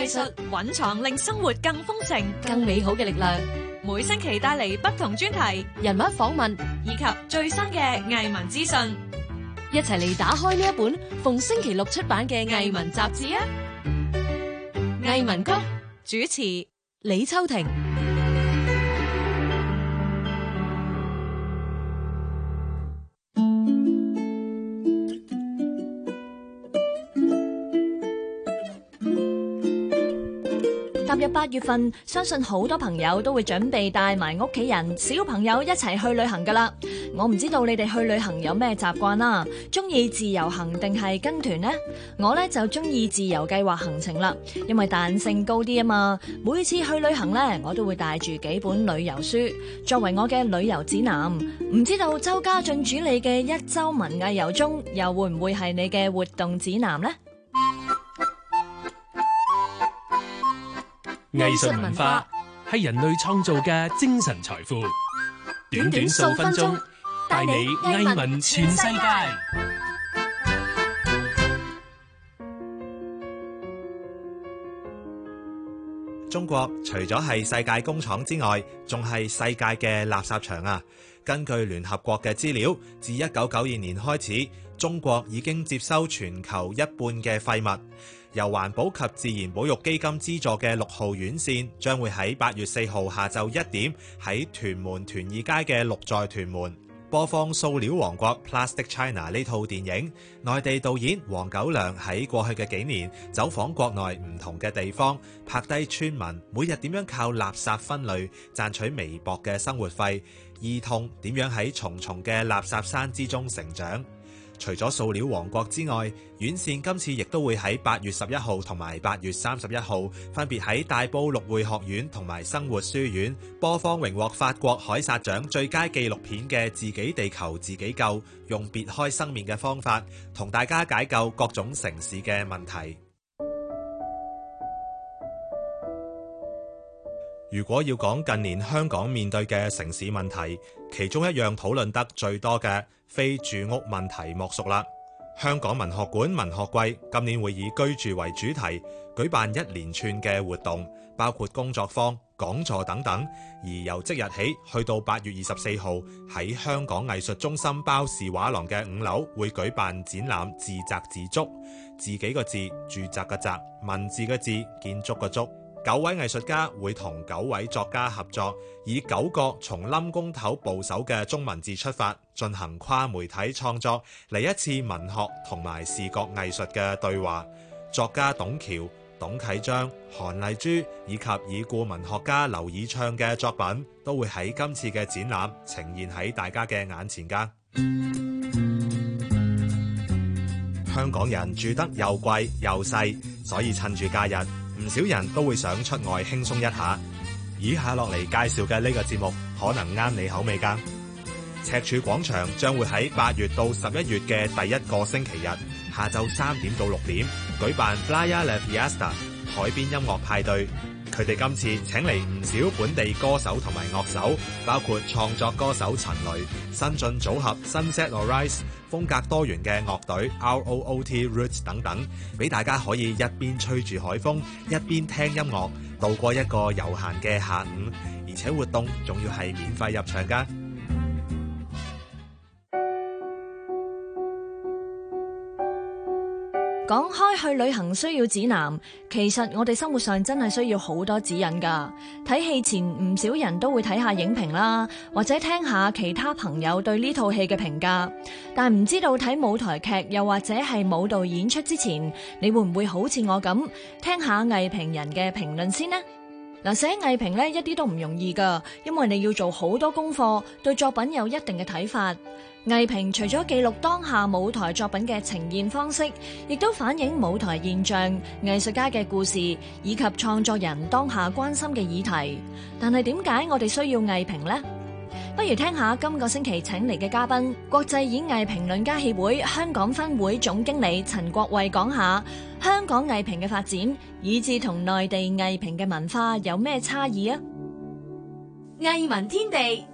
藝術蘊藏令生活更豐盛、更美好嘅力量，每星期帶嚟不同專題、人物訪問以及最新嘅藝文資訊，一齊嚟打開呢一本逢星期六出版嘅藝文雜誌啊！藝文谷主持李秋婷。入八月份，相信好多朋友都會準備帶埋屋企人、小朋友一齊去旅行噶啦。我唔知道你哋去旅行有咩習慣啦，中意自由行定係跟團呢？我咧就中意自由計劃行程啦，因為彈性高啲啊嘛。每次去旅行咧，我都會帶住幾本旅遊書作為我嘅旅遊指南。唔知道周家俊主理嘅一周文藝遊中，又會唔會係你嘅活動指南呢？藝術文化係人類創造嘅精神財富。短短數分鐘，帶你藝聞全世界。中國除咗係世界工廠之外，仲係世界嘅垃圾場啊！根據聯合國嘅資料，自一九九二年開始。中國已經接收全球一半嘅廢物。由環保及自然保育基金資助嘅六號院線將會喺八月四號下晝一點喺屯門屯義街嘅六在屯門播放《塑料王國 Plastic China》呢套電影。內地導演王久良喺過去嘅幾年走訪國內唔同嘅地方，拍低村民每日點樣靠垃圾分類賺取微薄嘅生活費，兒童點樣喺重重嘅垃圾山之中成長。除咗塑料王國之外，院線今次亦都會喺八月十一號同埋八月三十一號，分別喺大埔綠匯學院同埋生活書院播放榮獲法國凱撒獎最佳紀錄片嘅《自己地球自己救》，用別開生面嘅方法，同大家解救各種城市嘅問題。如果要講近年香港面對嘅城市問題，其中一樣討論得最多嘅非住屋問題莫屬啦。香港文學館文學季今年會以居住為主題，舉辦一連串嘅活動，包括工作坊、講座等等。而由即日起去到八月二十四號，喺香港藝術中心包氏畫廊嘅五樓會舉辦展覽《自宅字築》，自己個自，住宅嘅宅，文字個字，建築個築。九位藝術家會同九位作家合作，以九個從冧公頭部首嘅中文字出發，進行跨媒體創作，嚟一次文學同埋視覺藝術嘅對話。作家董橋、董啟章、韓麗珠以及已故文學家劉以鬯嘅作品，都會喺今次嘅展覽呈現喺大家嘅眼前噶。香港人住得又貴又細，所以趁住假日，唔少人都會想出外輕鬆一下，以下落嚟介紹嘅呢個節目可能啱你口味㗎。赤柱廣場將會喺八月到十一月嘅第一個星期日下晝三點到六點舉辦 Flyer Fiesta 海邊音樂派對。佢哋今次請嚟唔少本地歌手同埋樂手，包括創作歌手陳雷、新進組合新 Set or Rise、風格多元嘅樂隊 Root Roots 等等，俾大家可以一邊吹住海風，一邊聽音樂，度過一個悠閒嘅下午，而且活動仲要係免費入場㗎。講開去旅行需要指南，其實我哋生活上真係需要好多指引噶。睇戲前唔少人都會睇下影評啦，或者聽下其他朋友對呢套戲嘅評價。但唔知道睇舞台劇又或者係舞蹈演出之前，你會唔會好似我咁聽下藝評人嘅評論先呢？嗱，寫藝評咧，一啲都唔容易噶，因為你要做好多功課，對作品有一定嘅睇法。藝評除咗記錄當下舞台作品嘅呈現方式，亦都反映舞台現象、藝術家嘅故事以及創作人當下關心嘅議題。但係點解我哋需要藝評呢？不如聽下今個星期請嚟嘅嘉賓——國際演藝評論家協會香港分會總經理陳國慧講下香港藝評嘅發展，以至同內地藝評嘅文化有咩差異啊！藝文天地。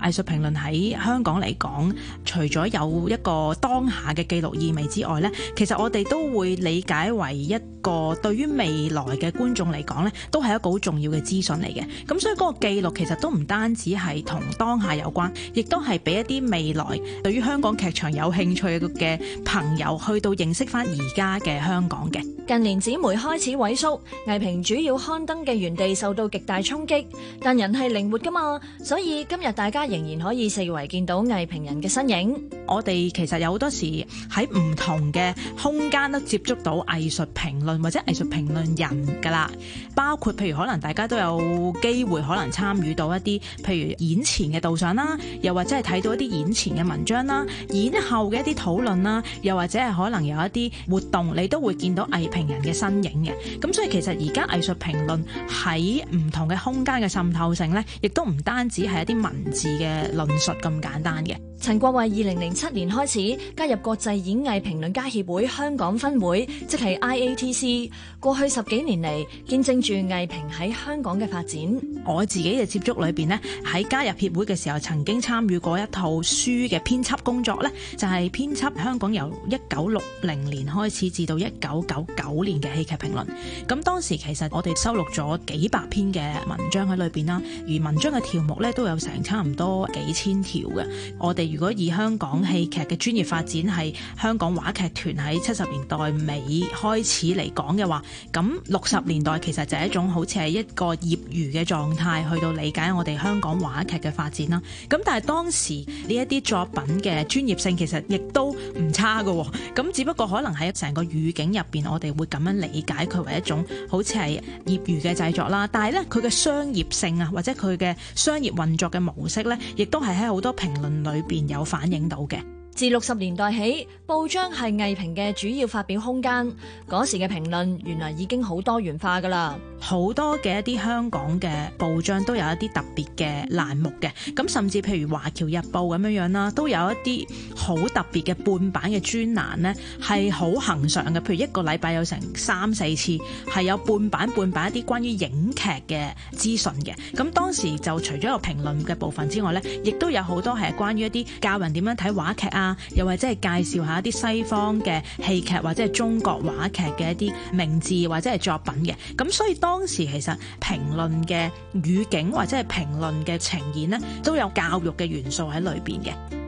藝術評論喺香港嚟講，除咗有一個當下嘅記錄意味之外咧，其實我哋都會理解為一個對於未來嘅觀眾嚟講呢都係一個好重要嘅資訊嚟嘅。咁所以嗰個記錄其實都唔單止係同當下有關，亦都係俾一啲未來對於香港劇場有興趣嘅朋友去到認識返而家嘅香港嘅。近年紙媒開始萎縮，藝評主要刊登嘅原地受到極大衝擊，但人係靈活㗎嘛，所以今日大家仍然可以四圍見到藝評人嘅身影。我哋其實有好多時喺唔同嘅空間都接觸到藝術評論，或者藝術評論人㗎喇，包括譬如可能大家都有機會可能參與到一啲譬如演前嘅導賞啦，又或者係睇到一啲演前嘅文章啦，演後嘅一啲討論啦，又或者係可能有一啲活動，你都會見到藝評人嘅身影嘅。咁所以其實而家藝術評論喺唔同嘅空間嘅滲透性呢，亦都唔單止係一啲文字嘅論述咁簡單嘅。陳國慧二零零七年開始加入國際演藝評論家協會香港分會，即係 IATC。過去十幾年嚟，見證住藝評喺香港嘅發展。我自己嘅接觸裏面咧，喺加入協會嘅時候，曾經參與過一套書嘅編輯工作咧，就係編輯香港由一九六零年開始至到一九九九年嘅戲劇評論。咁當時其實我哋收錄咗幾百篇嘅文章喺裏面啦，而文章嘅條目咧都有成差唔多幾千條嘅，我哋。如果以香港戲劇嘅專業發展係香港話劇團喺七十年代尾開始嚟講嘅話，咁六十年代其實就係一種好似係一個業餘嘅狀態去到理解我哋香港話劇嘅發展啦。咁但係當時呢一啲作品嘅專業性其實亦都唔差嘅，咁只不過可能喺成個語境入邊，我哋會咁樣理解佢為一種好似係業餘嘅製作啦。但係咧，佢嘅商業性啊，或者佢嘅商業運作嘅模式咧，亦都係喺好多評論裏邊。有反映到嘅，自六十年代起。報章係藝評嘅主要發表空間，嗰時嘅評論原來已經好多元化噶啦，好多嘅一啲香港嘅報章都有一啲特別嘅欄目嘅，咁甚至譬如《華僑日報》咁樣樣啦，都有一啲好特別嘅半版嘅專欄咧，係好恆常嘅，譬如一個禮拜有成三四次，係有半版半版一啲關於影劇嘅資訊嘅，咁當時就除咗有評論嘅部分之外咧，亦都有好多係關於一啲教人點樣睇話劇啊，又或者係介紹下。啲西方嘅戲劇或者係中國話劇嘅一啲名字或者係作品嘅，咁所以當時其實評論嘅語境或者係評論嘅呈現咧，都有教育嘅元素喺裏邊嘅。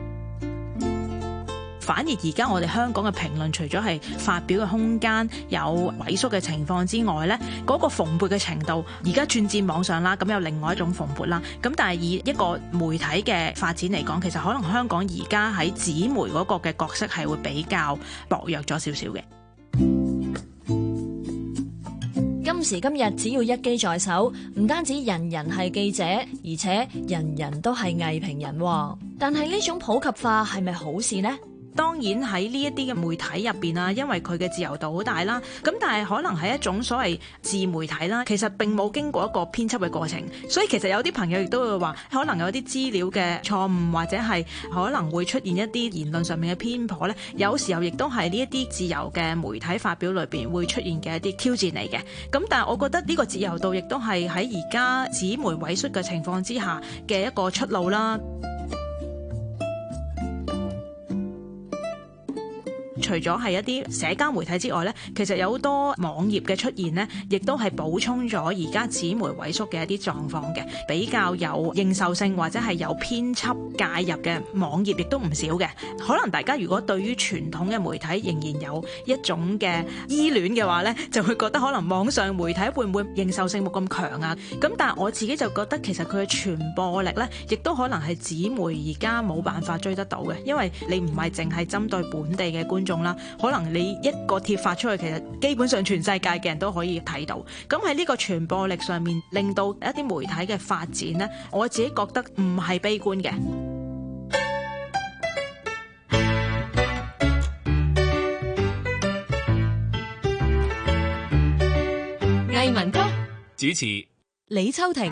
反而而家我哋香港嘅評論除咗係發表嘅空間有萎縮嘅情況之外咧，嗰個蓬勃嘅程度，而家轉戰網上啦，咁有另外一種蓬勃啦。咁但係以一個媒體嘅發展嚟講，其實可能香港而家喺紙媒嗰個嘅角色係會比較薄弱咗少少嘅。今時今日，只要一機在手，唔單止人人係記者，而且人人都係藝評人。但係呢種普及化係咪好事咧？當然喺呢一啲嘅媒體入邊啊，因為佢嘅自由度好大啦，咁但係可能係一種所謂自媒體啦，其實並冇經過一個編輯嘅過程，所以其實有啲朋友亦都會話，可能有啲資料嘅錯誤或者係可能會出現一啲言論上面嘅偏頗呢，有時候亦都係呢一啲自由嘅媒體發表裏邊會出現嘅一啲挑戰嚟嘅。咁但係我覺得呢個自由度亦都係喺而家紙媒萎縮嘅情況之下嘅一個出路啦。除咗係一啲社交媒體之外咧，其實有好多網頁嘅出現咧，亦都係補充咗而家紙媒萎縮嘅一啲狀況嘅。比較有認受性或者係有編輯介入嘅網頁，亦都唔少嘅。可能大家如果對於傳統嘅媒體仍然有一種嘅依戀嘅話咧，就會覺得可能網上媒體會唔會認受性冇咁強啊？咁但係我自己就覺得，其實佢嘅傳播力咧，亦都可能係紙媒而家冇辦法追得到嘅，因為你唔係淨係針對本地嘅觀眾。啦，可能你一個貼發出去，其實基本上全世界嘅人都可以睇到。咁喺呢個傳播力上面，令到一啲媒體嘅發展呢，我自己覺得唔係悲觀嘅。藝文谷主持，李秋婷。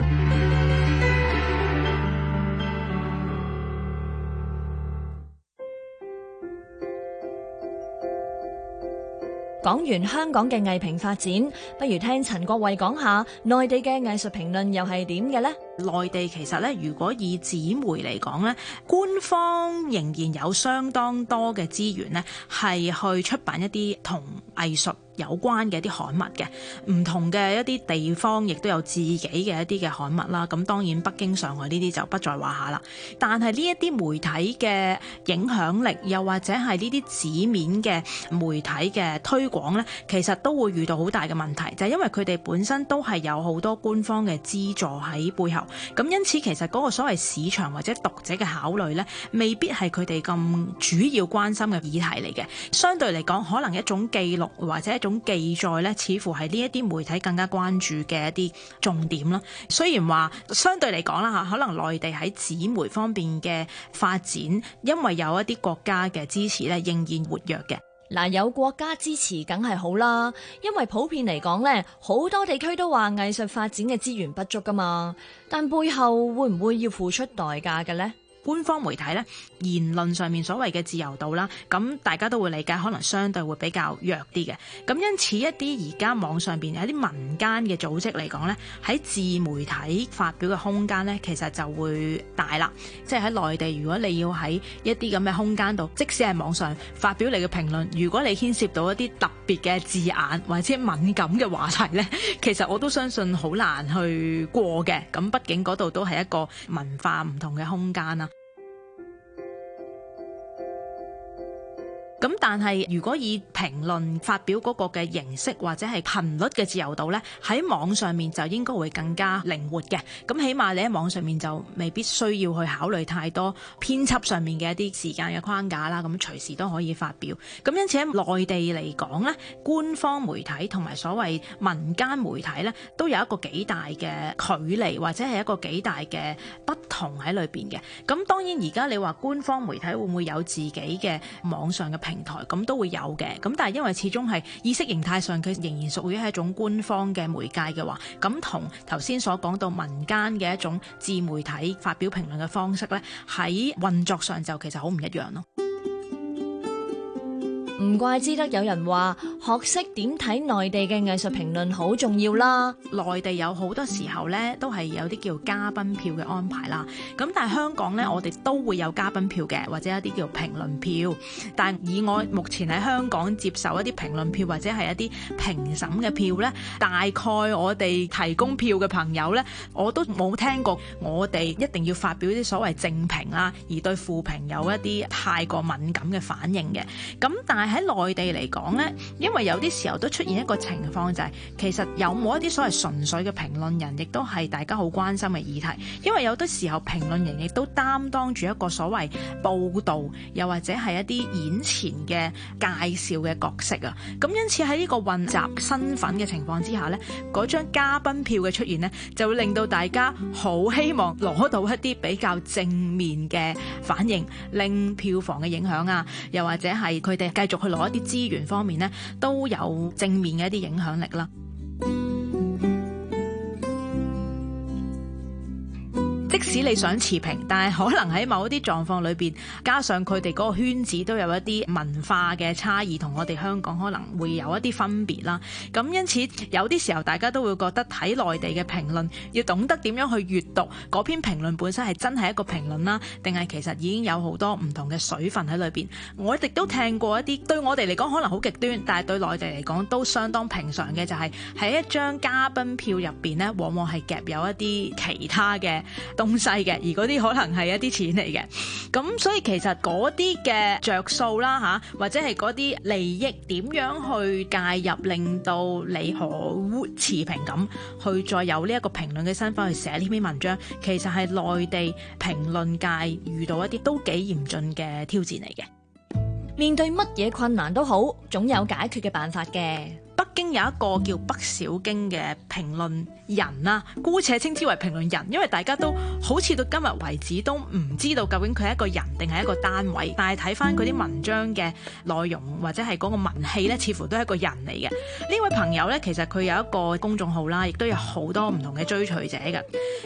講完香港嘅藝評發展，不如聽陳國慧講下內地嘅藝術評論又係點嘅呢？內地其實咧，如果以紙媒嚟講咧，官方仍然有相當多嘅資源咧，係去出版一啲同藝術。有關嘅一啲刊物嘅唔同嘅一啲地方，亦都有自己嘅一啲嘅刊物啦。咁當然北京、上海呢啲就不在話下啦。但係呢一啲媒體嘅影響力，又或者係呢啲紙面嘅媒體嘅推廣呢，其實都會遇到好大嘅問題，就係因為佢哋本身都係有好多官方嘅資助喺背後。咁因此其實嗰個所謂市場或者讀者嘅考慮呢，未必係佢哋咁主要關心嘅議題嚟嘅。相對嚟講，可能一種記錄或者，這種記載咧，似乎係呢一啲媒體更加關注嘅一啲重點啦。雖然話相對嚟講啦，吓可能內地喺紙媒方面嘅發展，因為有一啲國家嘅支持咧，仍然活躍嘅嗱。有國家支持梗係好啦，因為普遍嚟講咧，好多地區都話藝術發展嘅資源不足噶嘛，但背後會唔會要付出代價嘅呢？官方媒體咧，言論上面所謂嘅自由度啦，咁大家都會理解，可能相對會比較弱啲嘅。咁因此一啲而家網上邊、一啲民間嘅組織嚟講咧，喺自媒體發表嘅空間咧，其實就會大啦。即係喺內地，如果你要喺一啲咁嘅空間度，即使係網上發表你嘅評論，如果你牽涉到一啲特別嘅字眼或者敏感嘅話題咧，其實我都相信好難去過嘅。咁畢竟嗰度都係一個文化唔同嘅空間啦。咁但係如果以評論發表嗰個嘅形式或者係頻率嘅自由度咧，喺網上面就應該會更加靈活嘅。咁起碼你喺網上面就未必需要去考慮太多編輯上面嘅一啲時間嘅框架啦。咁隨時都可以發表。咁因此喺內地嚟講咧，官方媒體同埋所謂民間媒體咧，都有一個幾大嘅距離或者係一個幾大嘅不同喺裏邊嘅。咁當然而家你話官方媒體會唔會有自己嘅網上嘅評平台咁都會有嘅，咁但係因為始終係意識形態上，佢仍然屬於係一種官方嘅媒介嘅話，咁同頭先所講到民間嘅一種自媒體發表評論嘅方式呢，喺運作上就其實好唔一樣咯。唔怪之得有人話學識點睇內地嘅藝術評論好重要啦。內地有好多時候咧，都係有啲叫嘉賓票嘅安排啦。咁但係香港咧，我哋都會有嘉賓票嘅，或者一啲叫評論票。但以我目前喺香港接受一啲評論票或者係一啲評審嘅票咧，大概我哋提供票嘅朋友咧，我都冇聽過，我哋一定要發表啲所謂正評啦，而對負評有一啲太過敏感嘅反應嘅。咁但係。喺內地嚟講咧，因為有啲時候都出現一個情況，就是，就係其實有冇一啲所謂純粹嘅評論人，亦都係大家好關心嘅議題，因為有啲時候評論人亦都擔當住一個所謂報道又或者係一啲演前嘅介紹嘅角色啊。咁因此喺呢個混雜身份嘅情況之下咧，嗰張嘉賓票嘅出現咧，就會令到大家好希望攞到一啲比較正面嘅反應令票房嘅影響啊，又或者係佢哋繼續。去攞一啲資源方面咧，都有正面嘅一啲影響力啦。即使你想持平，但係可能喺某一啲狀況裏邊，加上佢哋嗰個圈子都有一啲文化嘅差異同我哋香港可能會有一啲分別啦。咁因此有啲時候，大家都會覺得睇內地嘅評論要懂得點樣去閱讀嗰篇評論本身係真係一個評論啦，定係其實已經有好多唔同嘅水分喺裏邊，我亦都聽過一啲對我哋嚟講可能好極端，但係對內地嚟講都相當平常嘅，就係喺一張嘉賓票入邊咧，往往係夾有一啲其他嘅嘅，而嗰啲可能係一啲錢嚟嘅，咁所以其實嗰啲嘅着數啦吓，或者係嗰啲利益點樣去介入，令到你可持平咁去再有呢一個評論嘅身份去寫呢篇文章，其實係內地評論界遇到一啲都幾嚴峻嘅挑戰嚟嘅。面對乜嘢困難都好，總有解決嘅辦法嘅。北京有一個叫北小京嘅評論人啊，姑且稱之為評論人，因為大家都好似到今日為止都唔知道究竟佢係一個人定係一個單位。但係睇返佢啲文章嘅內容或者係嗰個文氣咧，似乎都係一個人嚟嘅。呢位朋友咧，其實佢有一個公眾號啦，亦都有好多唔同嘅追隨者嘅。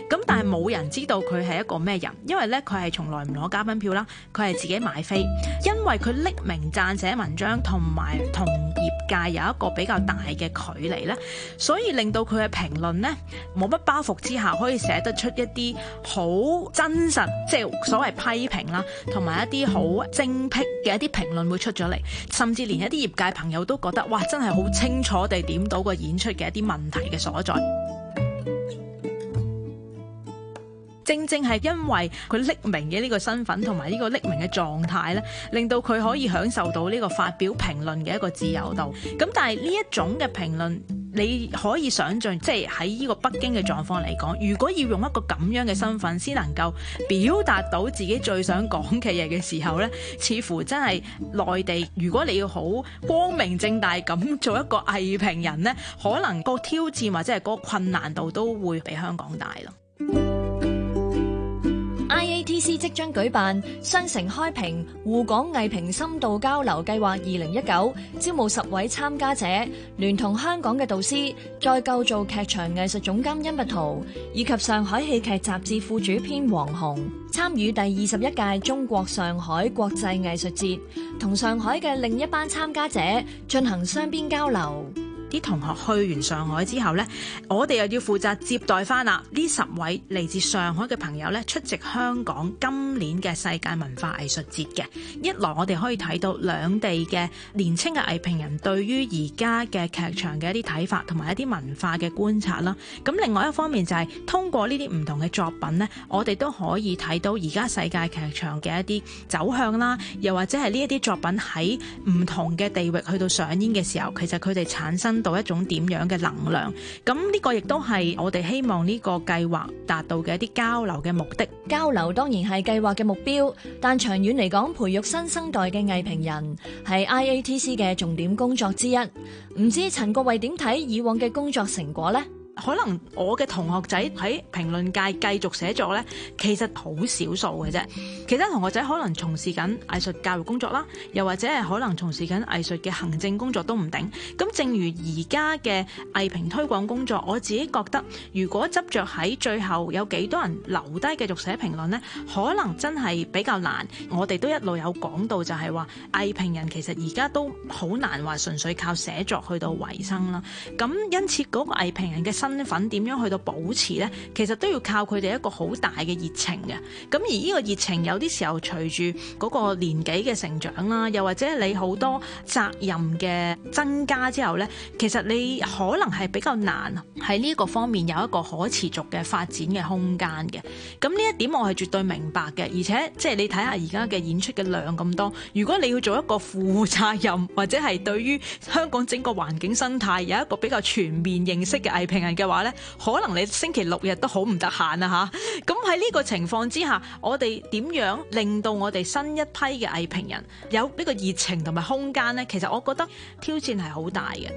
咁但係冇人知道佢係一個咩人，因為咧佢係從來唔攞嘉賓票啦，佢係自己買飛，因為佢匿名撰寫文章同埋同業界有一個比較大嘅距離咧，所以令到佢嘅評論咧，冇乜包袱之下，可以寫得出一啲好真實，即係所謂批評啦，同埋一啲好精闢嘅一啲評論會出咗嚟，甚至連一啲業界朋友都覺得，哇！真係好清楚地點到個演出嘅一啲問題嘅所在。正正係因為佢匿名嘅呢個身份同埋呢個匿名嘅狀態咧，令到佢可以享受到呢個發表評論嘅一個自由度。咁但係呢一種嘅評論，你可以想象，即係喺呢個北京嘅狀況嚟講，如果要用一個咁樣嘅身份先能夠表達到自己最想講嘅嘢嘅時候咧，似乎真係內地如果你要好光明正大咁做一個藝評人咧，可能個挑戰或者係個困難度都會比香港大咯。T.C. 即將舉辦雙城開評、滬港藝評深度交流計劃二零一九，招募十位參加者，聯同香港嘅導師、再構造劇場藝術總監殷不圖以及上海戲劇雜誌副主編黃紅，參與第二十一屆中國上海國際藝術節，同上海嘅另一班參加者進行雙邊交流。啲同學去完上海之後呢，我哋又要負責接待翻啦。呢十位嚟自上海嘅朋友呢，出席香港今年嘅世界文化藝術節嘅。一來我哋可以睇到兩地嘅年輕嘅藝評人對於而家嘅劇場嘅一啲睇法，同埋一啲文化嘅觀察啦。咁另外一方面就係通過呢啲唔同嘅作品呢，我哋都可以睇到而家世界劇場嘅一啲走向啦。又或者係呢一啲作品喺唔同嘅地域去到上演嘅時候，其實佢哋產生到一種點樣嘅能量，咁呢個亦都係我哋希望呢個計劃達到嘅一啲交流嘅目的。交流當然係計劃嘅目標，但長遠嚟講，培育新生代嘅藝評人係 IATC 嘅重點工作之一。唔知陳國慧點睇以往嘅工作成果咧？可能我嘅同學仔喺評論界繼續寫作咧，其實好少數嘅啫。其他同學仔可能從事緊藝術教育工作啦，又或者係可能從事緊藝術嘅行政工作都唔定。咁正如而家嘅藝評推廣工作，我自己覺得如果執着喺最後有幾多人留低繼續寫評論咧，可能真係比較難。我哋都一路有講到就，就係話藝評人其實而家都好難話純粹靠寫作去到維生啦。咁因此嗰個藝評人嘅身份點樣去到保持咧？其實都要靠佢哋一個好大嘅熱情嘅。咁而呢個熱情有啲時候隨住嗰個年紀嘅成長啦，又或者你好多責任嘅增加之後咧，其實你可能係比較難，喺呢個方面有一個可持續嘅發展嘅空間嘅。咁呢一點我係絕對明白嘅，而且即係你睇下而家嘅演出嘅量咁多，如果你要做一個負責任或者係對於香港整個環境生態有一個比較全面認識嘅藝評人嘅話咧，可能你星期六日都好唔得閒啊吓，咁喺呢個情況之下，我哋點樣令到我哋新一批嘅藝評人有呢個熱情同埋空間咧？其實我覺得挑戰係好大嘅。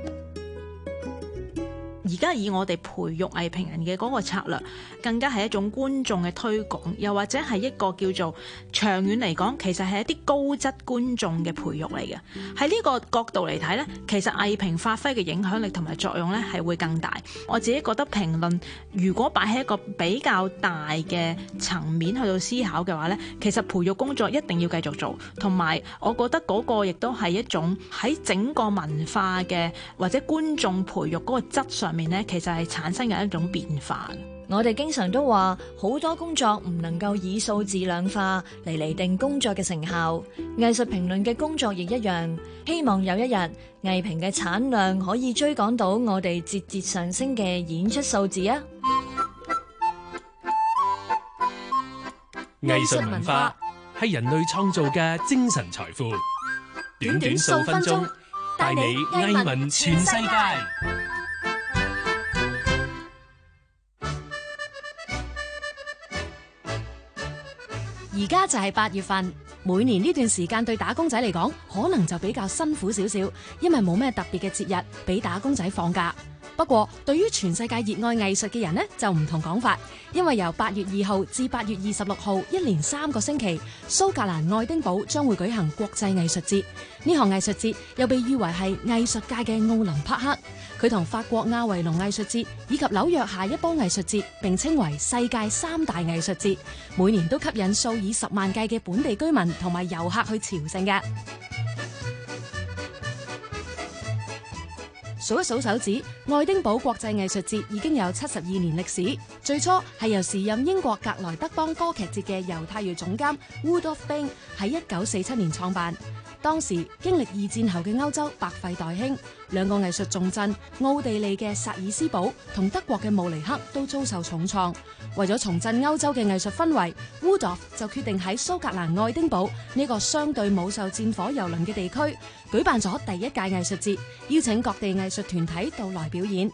而家以我哋培育藝評人嘅嗰個策略，更加係一種觀眾嘅推廣，又或者係一個叫做長遠嚟講，其實係一啲高質觀眾嘅培育嚟嘅。喺呢個角度嚟睇咧，其實藝評發揮嘅影響力同埋作用咧，係會更大。我自己覺得評論如果擺喺一個比較大嘅層面去到思考嘅話咧，其實培育工作一定要繼續做，同埋我覺得嗰個亦都係一種喺整個文化嘅或者觀眾培育嗰個質上。面其實係產生嘅一種變化。我哋經常都話，好多工作唔能夠以數字量化嚟嚟定工作嘅成效。藝術評論嘅工作亦一樣。希望有一日，藝評嘅產量可以追趕到我哋節節上升嘅演出數字啊！藝術文化係人類創造嘅精神財富。短短數分鐘，帶你藝文全世界。而家就係八月份，每年呢段時間對打工仔嚟講，可能就比較辛苦少少，因為冇咩特別嘅節日俾打工仔放假。不過，對於全世界熱愛藝術嘅人呢，就唔同講法，因為由八月二號至八月二十六號，一連三個星期，蘇格蘭愛丁堡將會舉行國際藝術節。呢項藝術節又被譽為係藝術界嘅奧林匹克。佢同法國亞維農藝術節，以及紐約下一波藝術節並稱為世界三大藝術節，每年都吸引數以十萬計嘅本地居民同埋遊客去朝聖嘅。數一數手指，愛丁堡國際藝術節已經有七十二年歷史。最初係由時任英國格萊德邦歌劇節嘅猶太裔總監 Rudolf Bing 喺一九四七年創辦。當時經歷二戰後嘅歐洲百廢待興，兩個藝術重鎮奧地利嘅薩爾斯堡同德國嘅慕尼黑都遭受重創。為咗重振歐洲嘅藝術氛圍，烏朵就決定喺蘇格蘭愛丁堡呢、這個相對冇受戰火蹂躪嘅地區舉辦咗第一屆藝術節，邀請各地藝術團體到來表演。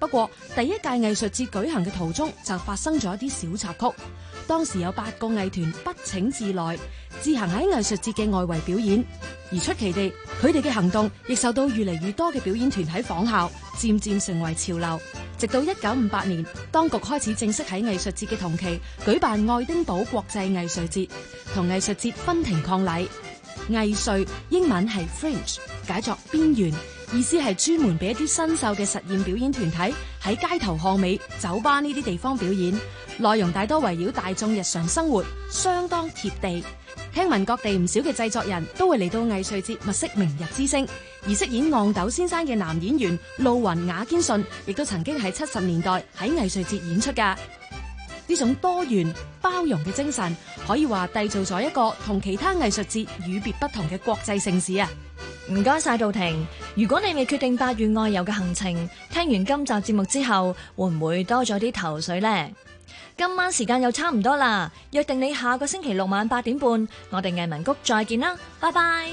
不過第一屆藝術節舉行嘅途中就發生咗一啲小插曲。當時有八個藝團不請自來，自行喺藝術節嘅外圍表演，而出奇地佢哋嘅行動亦受到越嚟越多嘅表演團喺仿效，漸漸成為潮流。直到一九五八年，當局開始正式喺藝術節嘅同期舉辦愛丁堡國際藝術節，同藝術節分庭抗禮。藝術英文係 fringe 解作邊緣，意思係專門俾一啲新秀嘅實驗表演團體喺街頭巷尾、酒吧呢啲地方表演。內容大多圍繞大衆日常生活，相當貼地。聽聞各地唔少嘅製作人都會嚟到藝穗節物色明日之星，而飾演戇豆先生嘅男演員路雲雅堅信，亦都曾經喺七十年代喺藝穗節演出噶。呢種多元包容嘅精神，可以話締造咗一個同其他藝術節與別不同嘅國際盛事啊。唔該晒道婷，如果你未決定八月外遊嘅行程，聽完今集節目之後，會唔會多咗啲頭緒呢？今晚時間又差唔多啦，約定你下個星期六晚八點半，我哋藝文谷再見啦，拜拜。